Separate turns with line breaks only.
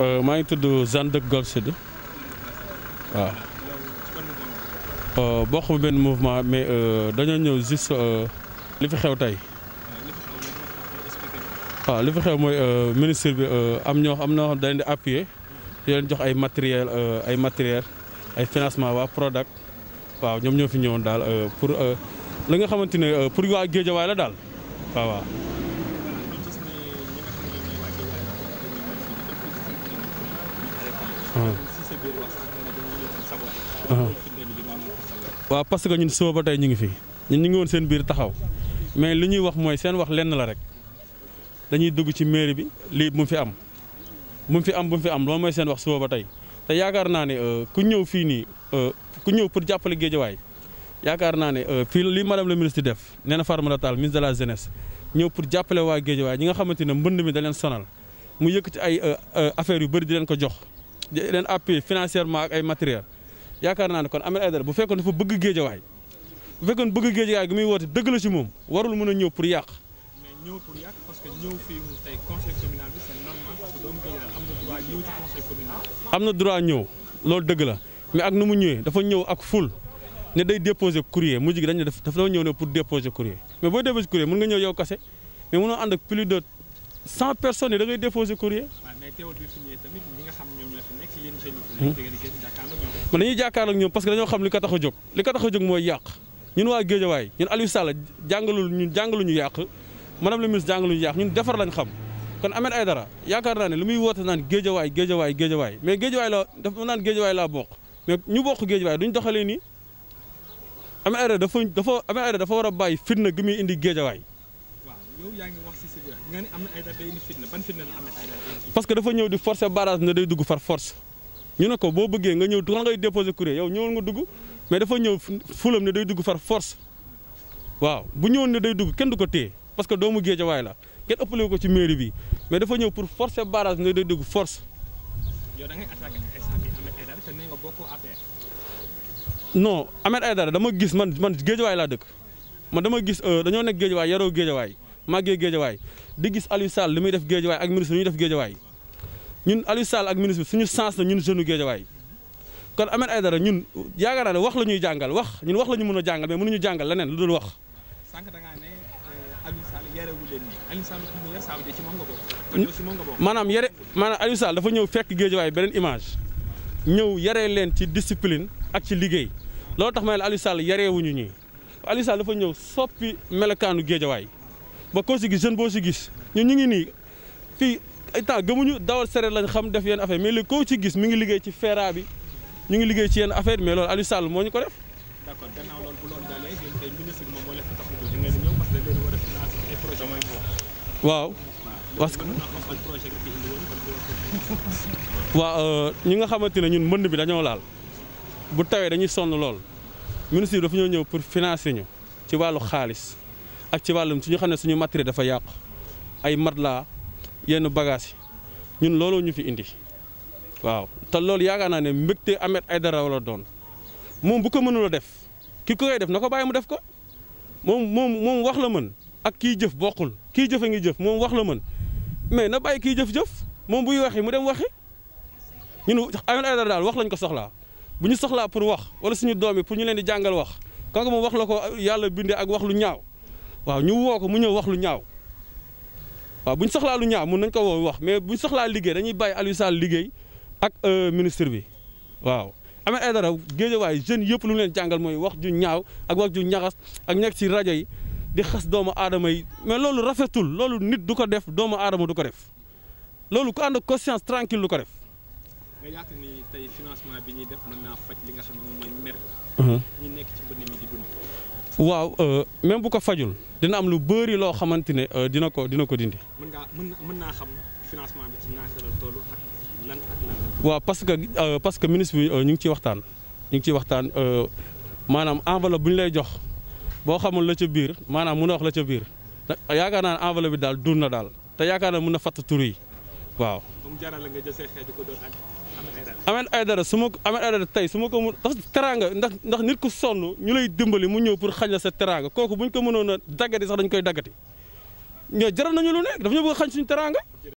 Euh, maa ngi tudd Jeanne dëkk Golf Sud waaw euh, bokk benn mouvement mais euh, dañoo ñëw juste li fi xew tey waaw li fi xew mooy ministre bi am ñoo am na xam dañ di appuyer di leen jox ay matériel ay matériel ay financement waa Prodac waaw ñoom ñoo fi ñëwoon daal pour li nga xamante ne pour waa Géejawaay la daal waaw waaw waaw parce que ñun suba ba tey ñu ngi fi ñun ñu ngi woon seen biir taxaw mais li ñuy wax mooy seen wax lenn la rek dañuy dugg ci mairie bi lii bu mu fi am bu mu fi am bu fi am loolu mooy seen wax suba ba tey te yaakaar naa ne euh, ku ñëw fii nii euh, ku ñëw pour jàppale géejawaay yaakaar naa ne euh, fii li madame le ministre def nee na Fatoumata Tall ministre de la jeunesse ñëw pour jàppale waa géejawaay ñi nga xamante ne mbënd mi da sonal mu yëkkati ay affaires yu bëri di leen ko jox di leen appuyer financièrement ak ay matériel yaakaar naa ne kon Ahmed Aidara bu fekkoon dafa bëgg géejawaay bu fekkoon bëgg géejawaay gi muy woote dëgg la ci moom warul mën a ñëw pour yàq. am na droit ñëw loolu dëgg la mais ak nu mu ñëwee dafa ñëw ak ful ne day déposer courrier mujj gi dañ daf dafa ñëw ne pour déposer courrier mais boo déposer courrier mun nga ñëw yow kase mais mënoo ànd ak plus de. cent personnes yi déposé courrier. waaw mais teewul bi fi ñoo fi nekk yéen hmm? dañuy jàkkaarloo ak ñoom parce que dañoo xam li ko tax a jóg li ko tax a jóg mooy yàq ñun waa Géejawaay ñun Aliou Sall jàngalul ñun ñu yàq madame le ministre jàngaluñu yàq ñun defar lañ xam kon Ahmed Aïdara yaakaar naa ne li muy woote naan géejawaay géejawaay géejawaay mais géejawaay la dafa naan géejawaay laa bokk mais ñu bokk géejawaay duñ doxalee nii Ahmed Aïdara dafa dafa Ahmed Aïdara dafa war a bàyyi fitna gi muy indi géejawaay parce que dafa ñëw di forcer barrage bi ne day dugg far force ñu ne ko boo bëggee nga ñëw kon ngay déposer courrier yow ñëwal nga dugg mais dafa ñëw fulam ne day dugg far force waaw bu ñëwoon ne day dugg kenn du ko téye parce que doomu Géejawaay la kenn ëppale ko ci mairie bi mais dafa ñëw pour forcer barrage bi ne day dugg force. yow da ngay attaqué te nee nga dama gis man man Géejawaay laa dëkk man dama gis euh, dañoo nekk Géejawaay yaroo Géejawaay màggee géejawaay di gis Aliou Sall li muy def géejawaay ak ministre li ñu def géejawaay ñun Aliou ak ministre bi suñu sens la ñun jeune géejawaay kon Ahmed Aidara ñun yaakaar naa ne wax la ñuy jàngal wax ñun wax la ñu mën a jàngal mais mënuñu jàngal leneen lu dul wax. sànq da ngaa ne euh, maanaam yare maanaam Aliou dafa ñëw fekk géejawaay beneen image ñëw yare leen ci discipline ak ci liggéey loolu tax ma ne Aliou Sall yarewuñu ñii Aliou Sall dafa ñëw soppi melokaanu géejawaay ba koo si gis jeune bo si gis ñun ñi ngi nii fii état gëmuñu dawal séré lañ xam def yeen affaire mais le ko ci gis mi ngi liggéey ci féra bi ñu ngi liggéey ci yeen affaire mais lool Aliou Sall moñ ko def. d'accord gannaaw lool bu lool dalé yéen tey ministre bi mo moo leen fa tax a jóg ñëw parce que leen wara financer ay projet waaw. parce que ñi nga euh, ñun bi dañoo laal bu dañuy sonn lool ministre dafa ñoo pour financer ñu ci ak ci wàllum suñu xam ne suñu matériel dafa yàqu ay mat laa yenn bagages yi ñun looloo ñu fi indi waaw te loolu yaakaar naa ne mbégte ay dara wala doon moom bu ko mënul def ki ko koy def na ko bàyyi mu def ko moom moom moom wax la mën ak kii jëf boqul kii jëfe ngi jëf moom wax la mën mais na bàyyi kii jëf-jëf moom buy waxi mu dem waxi ñun Ahmed Aidara daal wax lañ ko soxlaa bu ñu soxlaa pour wax wala suñu doom yi pour ñu leen di jàngal wax kooku moom wax la ko yàlla bindee ak wax lu ñaaw waaw ñu woo ko mu ñëw wax lu ñaaw waaw bu ñu soxlaa lu ñaaw mun nañ ko woo wax mais bu ñu soxlaa liggéey dañuy bàyyi Aliou Sall liggéey ak euh, ministre bi waaw. Ahmed Aidara Guédiawaye jeunes yëpp lu mu leen jàngal mooy wax ju ñaaw ak wax ju ñaxas ak nekk si rajo yi di xas doomu aadama yi mais loolu rafetul loolu nit du ko def doomu aadama du ko def loolu ko ànd conscience tranquille du ko def. nga yaakaar ni tey financement bi ñuy def mën naa faj li nga xam ne mooy mer. ñi mhm. nekk ci mi di dund. waaw eh, même bu fajul dina am lu bëri loo xamante ne eh, dina ko dina ko dindi. mën ngaa mën naa xam financement bi ci nah, ñaata la ak lan ak lan. waaw parce que eh, parce que ministre bi ñu ngi ciy waxtaan ñu ngi ciy waxtaan maanaam bu ñu lay jox boo xamul la ca biir maanaam a wax la ca biir yaakaar naa enveloppe bi daal na daal te yaakaar naa na fàtt tur yi waaw. ba mu jaral Ahmed Aidara su ma Ahmed Aidara tey suma ko mën dafa teraanga ndax ndax nit ku sonn ñu lay dimbali mu ñëw pour xañ la sa teraanga kooku bu ñu ko mënoon a daggati sax dañu koy daggati ñoo jaral nañu lu nekk dafa ñu bëgg xañ suñu teraanga